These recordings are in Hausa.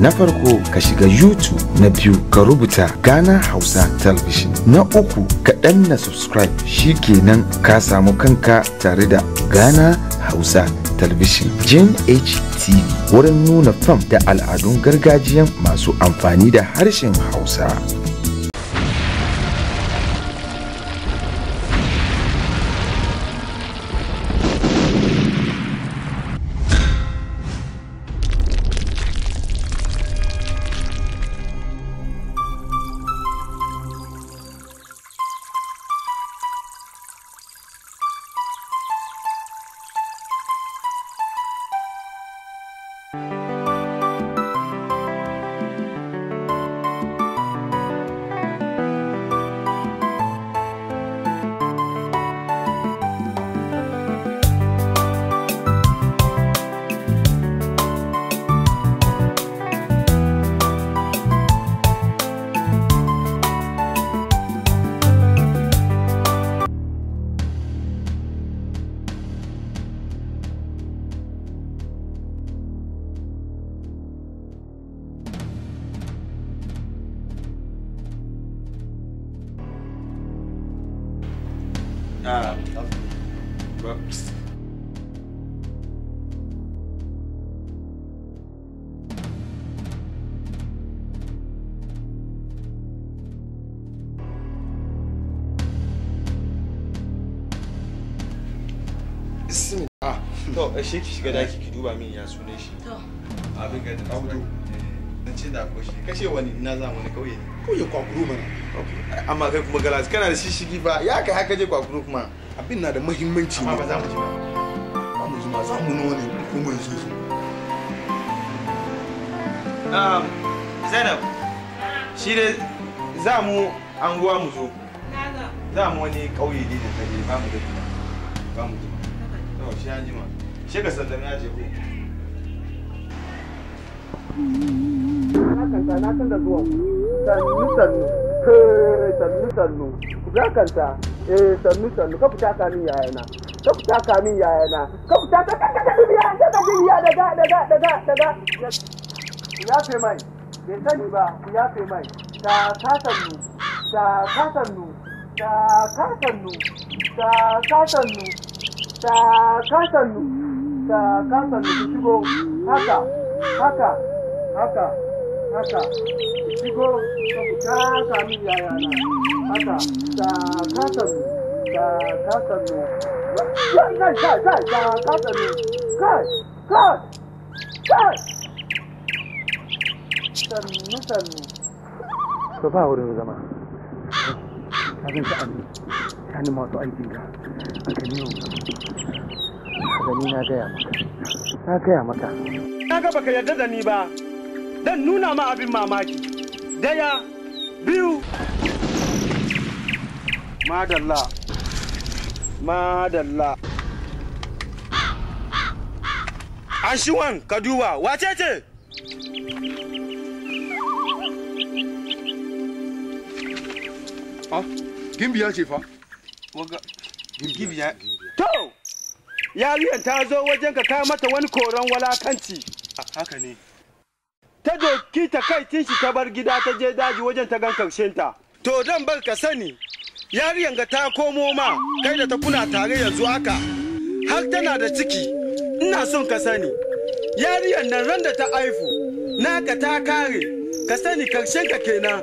na farko ka shiga youtube na biyu ka rubuta ghana hausa television na uku ka danna subscribe shikenan ka samu kanka tare da ghana hausa television jin htv wurin nuna fam da al'adun gargajiyan masu amfani da harshen hausa bismillah to ashe eh, ki shiga daki ki duba min ya shi to abin ga da dan eh. ce da ko shi kace wani za mu ne kauye ne kauye kwakuru amma kai kuma galas kana da shishigi ba ya kai haka je kwakuru kuma abin na da muhimmanci amma ba za mu ji ba ba mu ji ma za mu nuna ne su um Zainab shi za mu anguwa mu zo za mu wani kauye ne da ba mu da ba mu da ka yayana ka daga daga daga daga mai bai sani ba ya fe mai ta ta ka sannu ta ka sannu ta ka sannu ta kasannu ta kasannu ki shigo haka haka haka haka shigo ka fita sami yayana haka ta kasannu ta kasannu kai kai kai ta kasannu kai kai kai sannu sannu ka ba wurin zama tsakanin masu aiki na a gani a ni na gaya maka na gaya maka na ga baka yarda da ni ba dan nuna ma abin mamaki daya biyu madalla madalla Anshuwan Kaduwa wace ce? Ha? Ah, gimbiya ce fa? waga ta zo wajen ka ka mata wani koron walakanci haka ne ta doki ta kai shi ta bar gida ta je daji wajen ta gan karshen ta to dan bar ka sani yariyan ga ta komo ma kai da ta kuna tare yanzu haka har tana da ciki ina son ka sani yariyan nan ran da ta haifu naka ta kare ka sani karshen ka kenan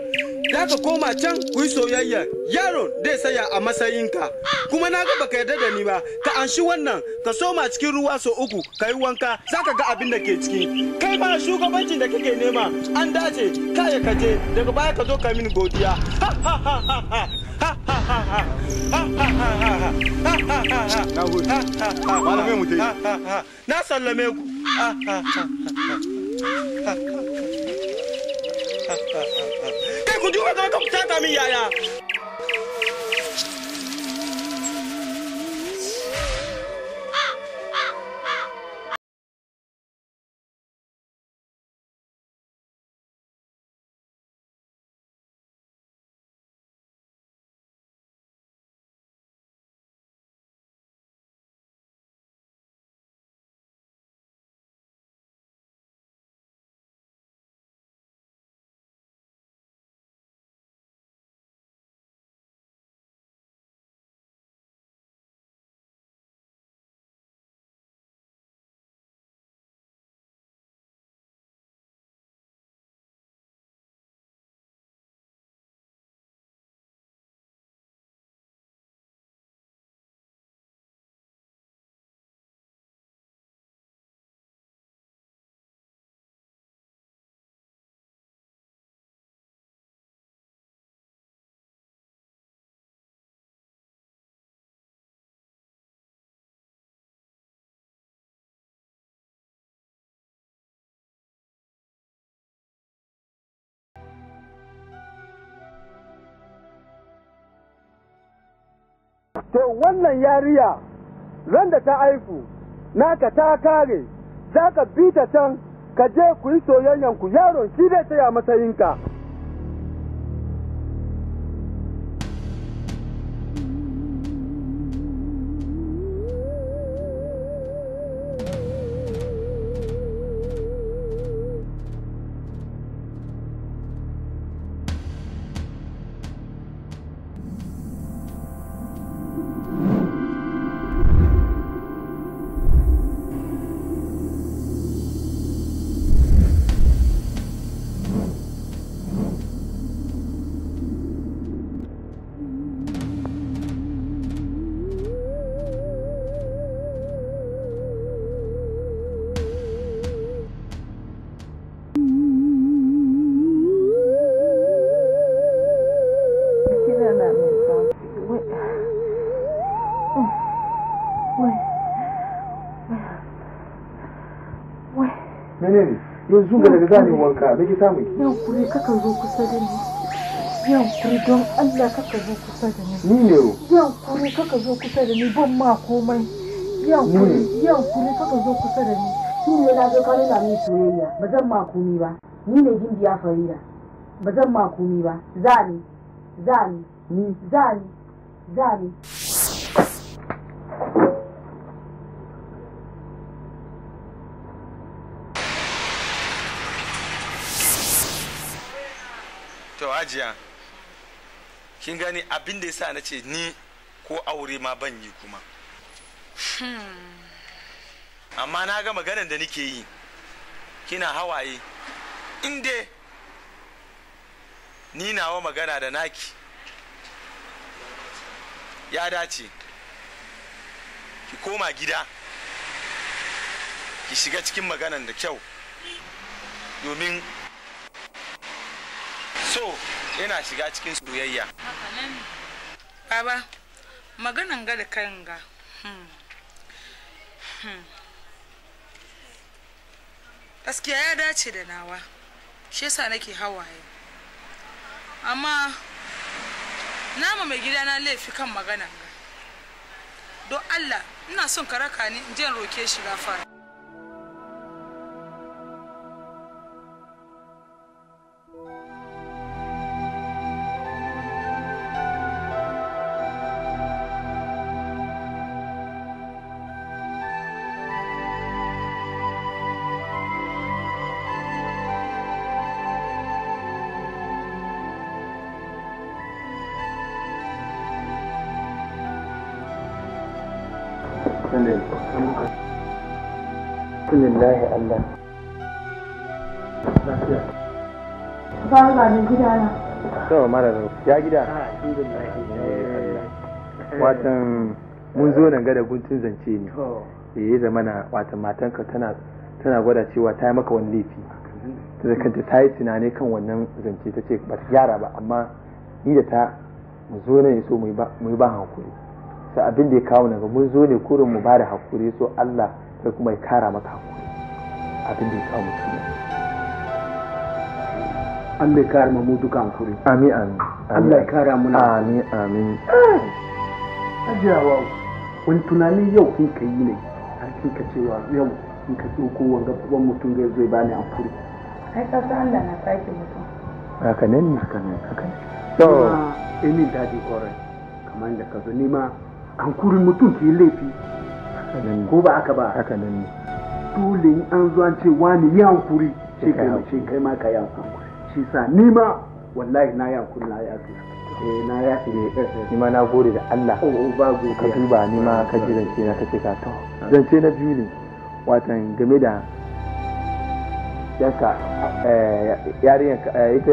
za ka koma can ku yi soyayya yaron zai saya a matsayinka kuma na ga baka yarda da ni ba ka anshi wannan ka soma cikin ruwa so uku ka yi wanka za ka ga abin da ke ciki kai ma shugabancin da kake nema an dace k'a ya kaje daga baya ka zo ka min godiya na sallame ku kunjua kama kupata mimi yaya to wannan yariya ran da ta na naka ta kare za ka bi ta can ka je ku yi soyayyanku yaron shi zai taya matsayinka yanzu ba daga gane wanka da ki samu yau kure kakan zo kusa da ni yau kure don Allah kaka zo kusa da ni ni ne ro yau kure kaka zo kusa da ni ban ma komai yau kure yau kure kaka zo kusa da ni shi ne na zo ka nuna min soyayya ba zan ma komi ba ni ne gindiya farida ba zan ma komi ba za ni za ni za ni za ni hajiya kin gani abin da yasa na ce ni ko aure ma ban yi kuma hmm. amma na ga maganar da nike yi kina hawaye inda ni nawa magana da naki ya dace ki koma gida ki shiga cikin maganan da kyau domin so yana shiga cikin soyayya baba maganan ga da kanga hmm. hmm. gaskiya ya dace da nawa shi yasa nake hawaye amma nama mai gida na laifi kan magana ga don allah ina son ka raka ni in je roke shi gafara Lillahi Allah. Lafiya. Ba na da ya gida. Ah, eh, eh, watan mun zo nan gada guntun zance ne. Eh, ya zama watan matanka tana tana gwada cewa ta yi maka wani laifi. Ta kanta ta yi tunani kan wannan zance ta ce ba gyara ba amma ni da ta mu zo nan ya so mu yi ba hankuri. sai abin da ya kawo daga mun zo ne kurin mu ba da hakuri so Allah sai kuma ya kara maka hakuri abin da ya kawo mu kenan Allah ya kara mu duka hakuri amin amin Allah ya kara mu amin amin ajiyawa wani tunani yau kin kai ne har kin ka cewa yau in ka ko wanga babban mutum zai zo ba ni hakuri ai ka san Allah na sake mutum haka ne haka ne haka ne Ina emin eh, daji kore kamar da ka zo nima hankurin mutum ke laifi ko ba aka ba haka nan ne dole in an zuwa ce wani ya hankuri ce kai ma ce kai ma ka ya hankuri shi sa ni ma wallahi na yi hankuri na ya fi eh na ya fi eh, eh, eh. ni ma na gode da Allah oh, oh, ba gode ka duba ni ma ka ji zance na kace ka to zance na biyu ne watan game da yanka ita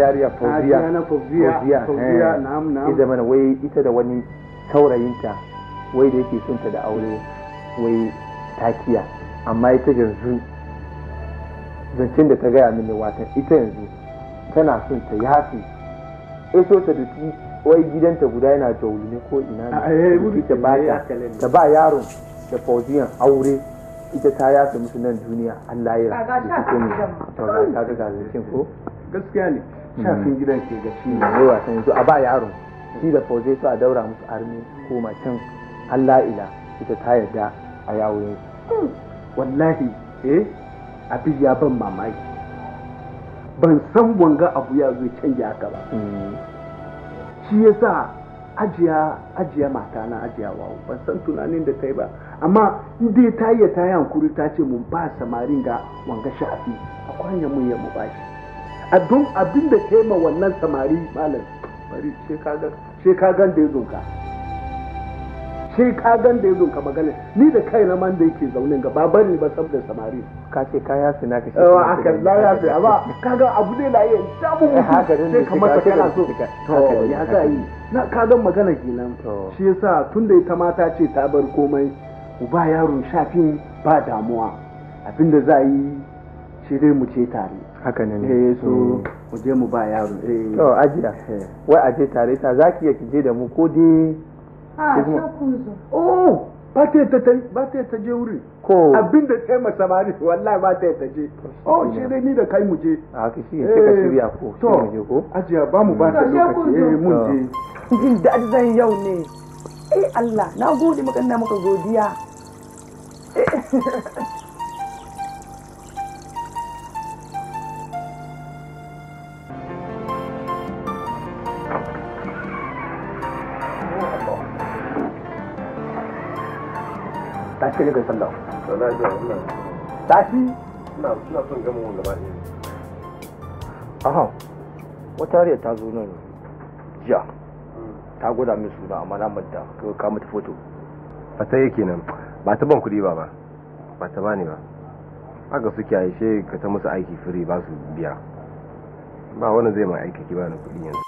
yariya fauziya fauziya na amna ita mana wai ita da wani saurayinta wai da yake son ta da aure wai takiya amma ita yanzu zancen da ta gaya mini wata ita yanzu tana son ta yafi iso ta duki wai gidanta guda yana jauli ne ko ina ne eh, ta ba ta ba yaron da fauziyan aure ita ta yafi musu nan duniya Allah ya ga ta ga ta ga ko gaskiya ne hmm. shafin gidan ke gashi ne hmm, wai wasan yanzu a ba yaron shi da fauzai su a daura musu armi ko macen har ita ta yarda a yawo wallahi eh abin ya ban mamaki ban san wanga abu ya zo canja haka ba mm. shi yasa ajiya ajiya mata na ajiya wawo ban san tunanin da ta yi ba amma inda ta yi ta yi hankuri ta ce mun ba samarin ga wanga shafi a kwanya mun ya mu ba shi abin da ta yi ma wannan samari malam bari shekagan gan da ya ka. sai ka gan da yazo ka magana ni da kai na man da yake zaune ga babar ne ba saboda samari ka ce ka ya na ka shi a ka la ya ba amma kaga abu ne la yin dabu mutu sai kamar ka kana so to ya za yi na ka gan magana kenan shi yasa tunda ita mata ce ta bar komai uba yaro shafin ba damuwa abinda za yi shi dai mu ce tare haka ne eh so hmm. mu je mu ba yaro eh to ajiya eh. wai aje tare ta zaki ya kije da mu ko dai Ah, a oh ba ta yadda ta ba ta yadda je wuri ko abin da sai ma samari wallahi ba ta yadda je oh shi dai ni da kai mu je a ka shi sai ka shirya ko eh, shi mu je ko ajiya ba mu ba ta lokaci eh mun je jin daɗi zan yau ne eh Allah na gode maka ina maka godiya eh. ka ka sallah tashi ina son gama wanda ba ne aha wata riya ta zo nan jiya hmm. ta gwada min suna amma na manta kawai ka mata foto a ta yake nan ba ta ban kuɗi ba ba ba ta bani ba haka suke aishe ka ta musu aiki firi ba su biya ba wani zai ma aiki ki bani kuɗi yanzu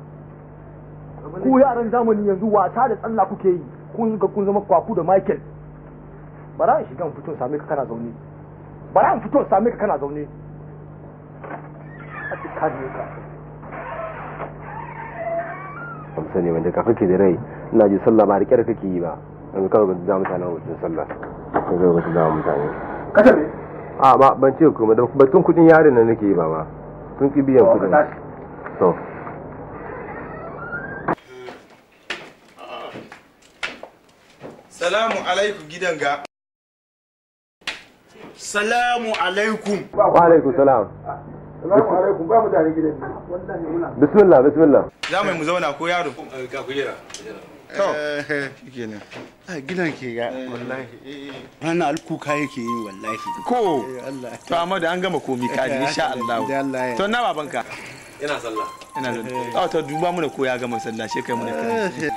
ku yaran zamani yanzu wata da tsalla kuke yi kun ga kun zama kwaku da Michael bara in shiga fito same ka kana zaune bara in fito same ka kana zaune a cikin kaji ka sani wanda ka ke da rai ina ji sallah ba rike da kake yi ba an kawai ga da mutane wajen sallah ka ga wajen da mutane kashe ne a ba ban ce kuma da batun kudin yarin nan nake yi ba ma tun ki biyan kudin oh, to salamu alaikum gidan ga salamu alaikum wa alaikum salam salamu alaikum ba mu mutane gidan bismillah bismillah za mu mu zauna ko yaro ga kujera to eh, eh, kenan gidan ke ga wallahi Wannan eh, alkuka yake yi wallahi ko to amma da an gama komi ji insha Allah to na babanka ina sallah ina sallah to duba mu da ko ya gama sallah shekai mu da kai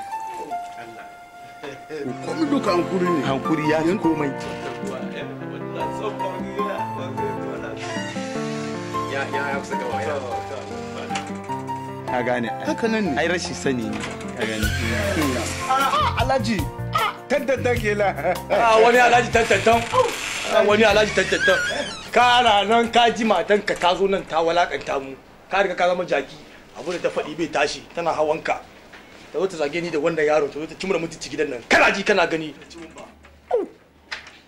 komai duka hankuri ne hankuri ya fi komai ka gane haka nan ne ai rashin sani ne ka gane ah, ah, alhaji tantantan ke la ah, wani alhaji tantantan wani alhaji tantantan kara nan ka ji matanka ka zo nan ta walakanta mu ka riga ka zama jaki abu da ta faɗi bai tashi tana hawanka da wata zage ni da wanda yaro ta zo ta cimma mutunci gidan nan kana ji kana gani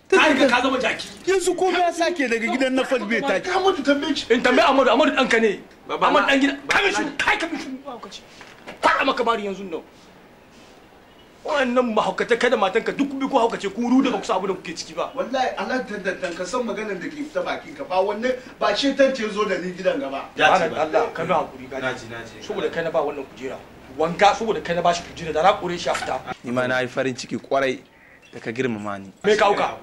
ta ga ka zama jaki yanzu ko ba sake daga gidan na fad bai taki Amadu tambaye shi in tambaye Amadu Amadu dan ka ne Amadu dan gidan ka mishi kai ka mishi mahaukaci fara maka bari yanzu nan wannan mahaukata kada matanka duk bi ko haukace ku ruda ba ku sabu da kuke ciki ba wallahi Allah tantan ka san maganar da ke fita baki ka ba wannan ba ce zo da ni gidan gaba ya ce ba ka kana hakuri gaji naji naji saboda kai na ba wannan kujera wanka saboda kai na bashi kujera da na kore shi afta ni ma na yi farin ciki kwarai da ka girmama ni me kawo ka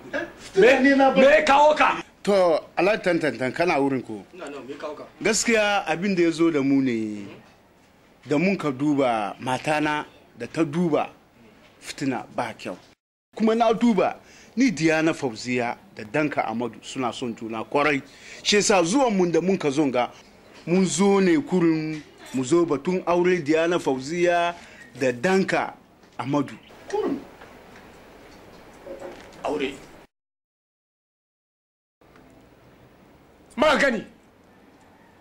me me kawo ka to Allah tantantan kana wurin ko gaskiya abin da ya zo da mu ne da mun ka duba matana da ta duba fitina ba kyau kuma na duba ni diana fauziya da danka amadu suna son juna kwarai shi yasa zuwan mun da mun ka zonga mun zo ne kurin mu zo batun aure diana fauziya da danka amadu kurun aure magani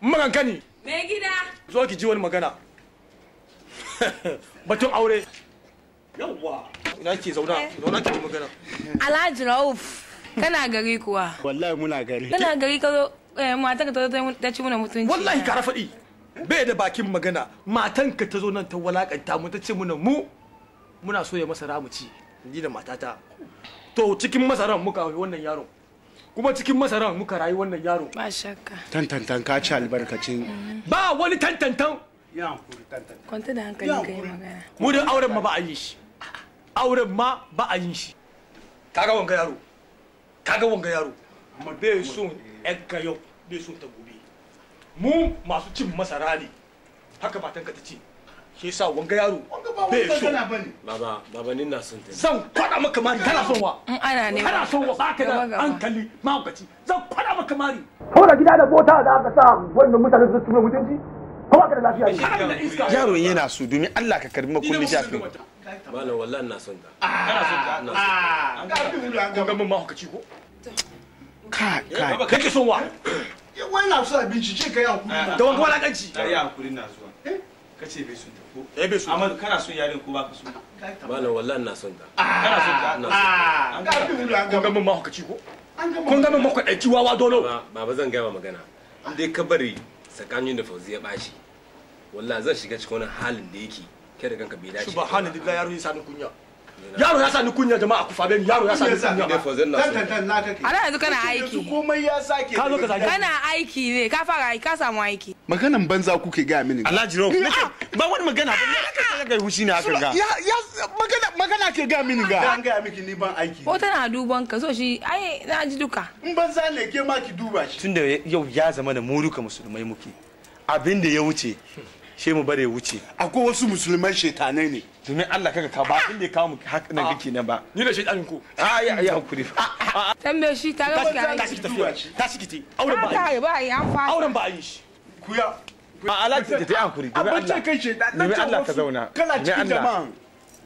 magankani me gida zo ki ji wani magana batun aure yawwa ina ke zauna eh. zauna ki magana alhaji rauf kana gari kuwa wallahi muna gari kana gari ka zo eh, matar ta ta ci muna mutunci wallahi ka faɗi bai da bakin magana matanka ta zo nan ta walakanta mu ta ce muna mu muna so ya masara mu ci ni da matata to cikin masaran muka yi wannan yaron kuma cikin masaran muka rayu wannan yaro ba shakka tantantan ka ci albarkacin mm-hmm. ba wani tantantan ya hankuri tantantan kwanta da hankali kai magana mu da auren ma ba a yi shi auren ma ba a yi shi kaga wanga yaro kaga wanga yaro bai son ƴan kayo bai son tabo mu masu cin masara ne haka matanka ta ce shi yasa wanga yaro ba bai so baba baba ni na son ta zan kwada maka mari kana son wa in ana ne kana son wa baka da hankali ma ci zan kwada maka mari kawai gida da bota da aka sa wannan mutane su tuna mutunci ko baka da lafiya ne yaro yana so domin Allah ka karbi maka kullu jafi malam wallahi ina son ta kana son ta ina son ta ah. an ga mun ma ci ko ka ka kake son wa Eh, wai na so a bincike ka yi hakuri da eh, wani walakanci na y'a hakuri na zuwa eh? ka ce bai sun ta ko eh bai sun amma kana son yaren ko ba ka son bala wallahi na son ta ah, kana son ta na son ta ah, an ga mun ma hukaci ko kun ga mun makwadanci wawa dolo baba zan gaya magana in dai ka bari tsakanin da fauzi ya bashi wallahi zan shiga cikin wani halin da yake kai da kanka bai dace subhanallahi ya ruhi sanin kunya yaro ya sa ni kunya jama'a ku fabe yaro ya sa ni kunya kake ana yanzu kana aiki komai ya sake ka zo ka zage kana aiki ne ka fara aiki ka samu aiki maganan banza ke ga mini Allah jiro ba wani magana ba ka ga hushi ne haka ga ya magana magana ke ga mini ga dan ga miki ni ban aiki ko tana duban ka so shi ai na ji duka in banza ne ke ma ki duba shi tunda yau ya zama da mu musulmai muke abin da ya wuce she mu bare wuce akwai wasu musulman shetanai ne domin Allah kaga ka ba inda ka mu haka nan kake nan ba ni da shetanin ko a ya ya hakuri tambaye shi ta ga ka ta shi tafiya ta shi kiti auren ba ai ba ai an fa auren ba ai shi ku ya a alaji ta yi hankuri domin Allah kai shetan domin Allah ka zauna kana cikin jama'an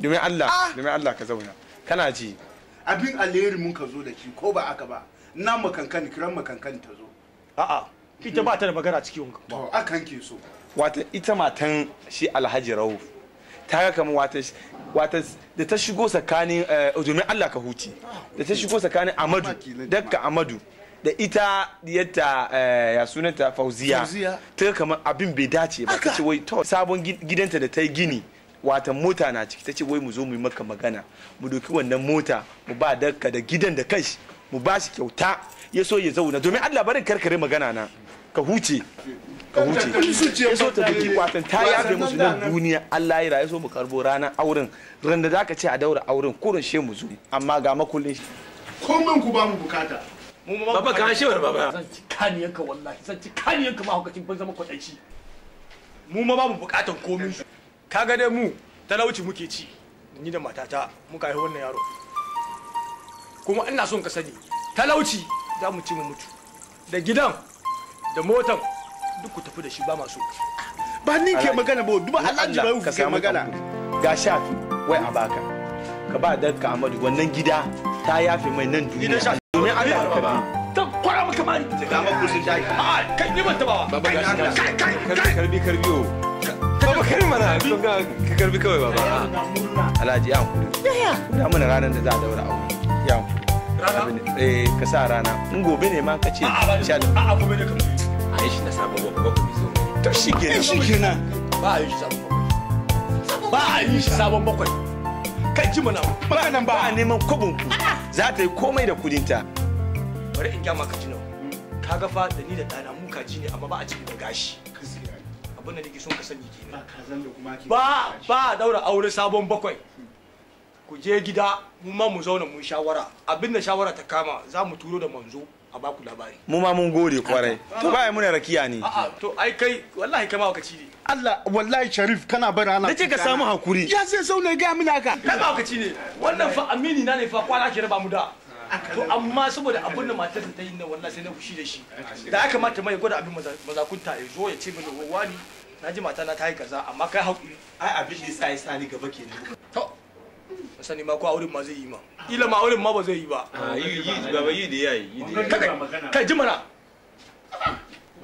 domin Allah domin Allah ka zauna kana ji abin alheri mun ka zo da shi ko ba aka ba na makankan kiran makankan ta zo a'a ita ba ta da magana cikin ba akan ke so wata ita matan shi alhaji rauf ta ga kamar wata wata da ta shigo tsakanin eh, domin Allah ka huce da ta shigo tsakanin Amadu dakka Amadu da ita yadda eh, ya sunanta Fauziya ta ga kamar abin bai dace ba ta ce wai to sabon gidanta da ta yi gini wata mota na ciki ta ce wai mu zo mu yi maka magana mu doki wannan mota mu ba dakka da gidan da kashi mu ba shi kyauta ya so ya zauna domin Allah barin karkare magana na ka huce ka huce ya so ta biki kwatan ta yafe musu nan duniya Allah ya rayu so mu karbo ranar auren randa za zaka ce a daura auren kurin she mu zuri amma ga makullin shi komai ku ba mu bukata baba ka shi wani baba zan ci ka wallahi zan ci kaniyan ka ma hukacin ban zama shi mu ma ba mu bukatan komai kaga dai mu talauci muke ci ni da matata muka yi wannan yaro kuma ina son ka sani talauci za mu ci mu mutu da gidan da motan duk ku tafi da shi ba masu ba ni ke magana ba duba alhaji ba ka ke magana ga shafi wai a baka ka ba ka amadu wannan gida ta yafe mai nan duniya domin allah ka ba ta kwara maka mari ga ma kusin shafi a kai ni ban taba ba kai kai karbi karbi o oh. ba kai mana don ga ka karbi kawai baba alhaji ya hankuri yaya da mana ranar da za a daura aure ya hankuri rana eh ka sa rana in gobe ne ma ka ce ba Allah a'a gobe ne ka yin na ba a yin sabon bakwai ba a kai ji mana ba ba a neman kwabin ku za ta yi komai da kudinta bari in gyama ka ka ga fa da ni da ɗana muka ji ne amma ba a cikin da gashi abin da nake son ka sani kenan ba ba daura aure sabon bakwai ku je gida mu ma mu zauna mu shawara abin da shawara ta kama za mu turo da manzo a baku labari mu ma mun gode kwarai to ba muna rakiya ne to ai kai wallahi kai ma wakaci ne Allah wallahi Sharif kana bar ana nace ka samu hakuri ya sai ne ga mun haka kai ba wakaci ne wannan fa amini na ne fa kwana ke raba mu da to amma saboda abin da matar ta yi nan wallahi sai na fushi da shi da aka mata mai gwada abin mazakunta ya zo ya ce mini wani na ji mata na ta yi kaza amma kai hakuri ai abin da yasa ya sani ni gaba kenan to sani ma ko auren ma zai yi ma ila ma auren ma ba zai yi ba ah, yi yi baba yi da yayi yi da kai kai ji mana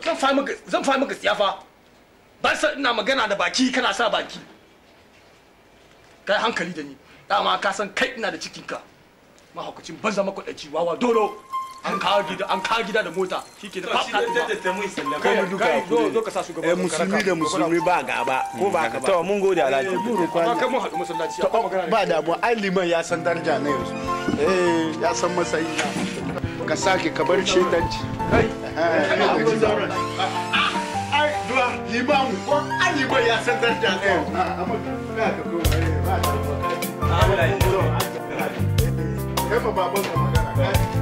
zan fa maka zan fa maka tsiyafa ba sa ina magana da baki kana sa baki kai hankali da ni dama ka san kai ina da cikinka mahaukacin banza ɗaci wawa doro an kawo gida an kawo gida da mota shike da fafa da ta kai duka zo ka sa shugaba eh musulmi da musulmi ba gaba ko ba gaba to mun gode alhaji mun roƙa ka mun haɗu masallaci ba damuwa ai liman ya san daraja na yanzu eh ya san matsayi ka sake ka bar shedanci kai eh, eh, eh, ai duwa liman ko ai liman ya san daraja na yanzu ah, ah, amma ka ka ko ba damuwa kai ba damuwa kai ba baban ka magana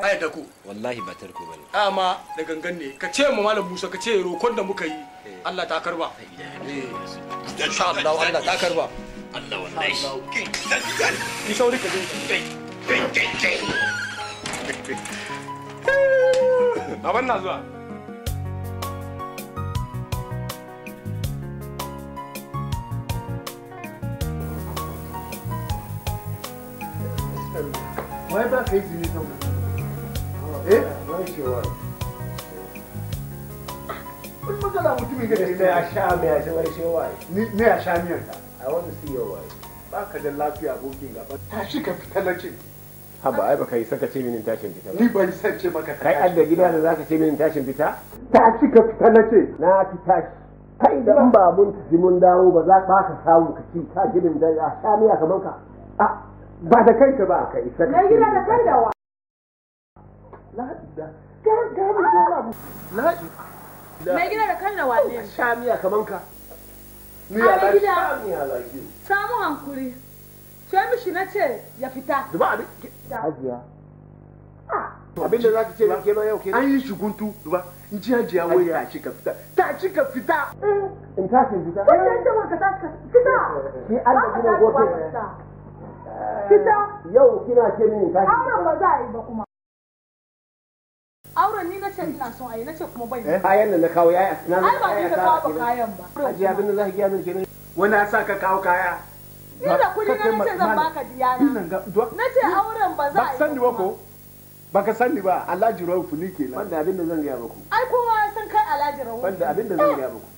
aya ta ku wallahi ba tarko bane amma da gangan ne ka ce mu malam Musa ka ce rokon da muka yi eh. Allah ta karba eh. insha Allah Allah ta karba Allah wallahi Ni sauri ka je Baban na zuwa. Wai ba ka yi zini kan Eh? Where's your wife? Kun magana mutumin gada ne a sha mai a sha where's your wife? Ne a I want to see your wife. Ba ka da lafiya abokin gaba. Tashi ka fita na ce. Haba ai baka yi saka ce minin tashin fita. Ni ban san ce maka ta. Kai adda gida da zaka ce minin tashin fita? Tashi ka fita na ce. Na fi tashi. kai da in ba mun ji mun dawo ba za ba ka samu ka ci ka ginin da a sha miya kamar ka a ba da kai ka ba ka isa Na gida da kai da wa Mai gida da kan nawa ne? Sha kaman ka. Miya da sha Samu hankuri. Ce mishi na ce ya fita. Duba abin. Hajiya. Ah. Abin da za ce ke ma yau An yi shi guntu duba. In ji hajiya wai ci ka fita. Ta ci ka fita. Eh. In ta ce fita. ka ta fita. Ki gobe. Fita. Yau kina ce mini ta Auren ba za a yi ba kuma. auren ni nace ina son ayi nace kuma ban eh, kayan nan na kawo yaya na ai ba ni na kawo kayan ba aji abin da zaka giya min kenan wani ya sa ka kawo kaya ni da kudi na nace zan baka diyana nace auren ba za a yi sani ba ko baka sani ba Alhaji rawu ni kenan wanda abin da zan gaya muku ai kuma ya san kai Alhaji rawu. wanda abin da zan gaya muku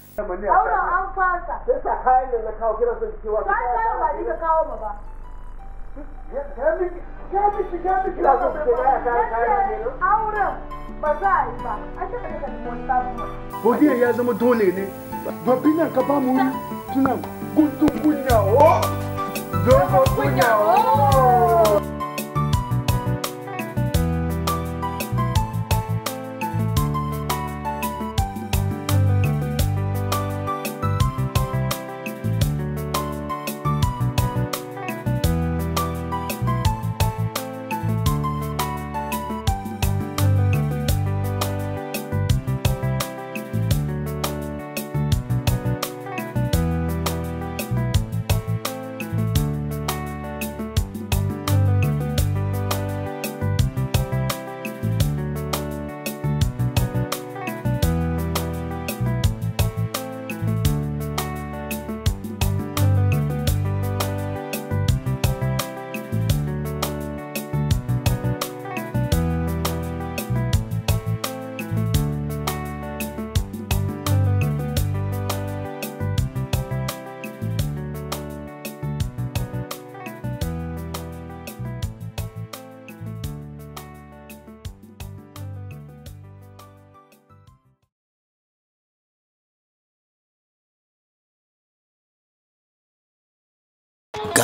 auren an fasa sai sa kayan nan na kawo kira son cewa ka kawo ba ni ka kawo ba Gel miki, gel miki, gel miki. Ya zo ka ka Auren yi ba. A ce ka ya zama dole ne. Babbi nan ka ba mu tunan kunya o. Oh! Dogo kunya o. Oh!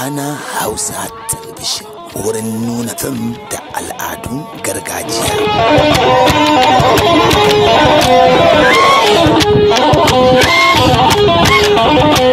Gana Hausa Television wurin nuna fim da al'adun gargajiya. Thank you.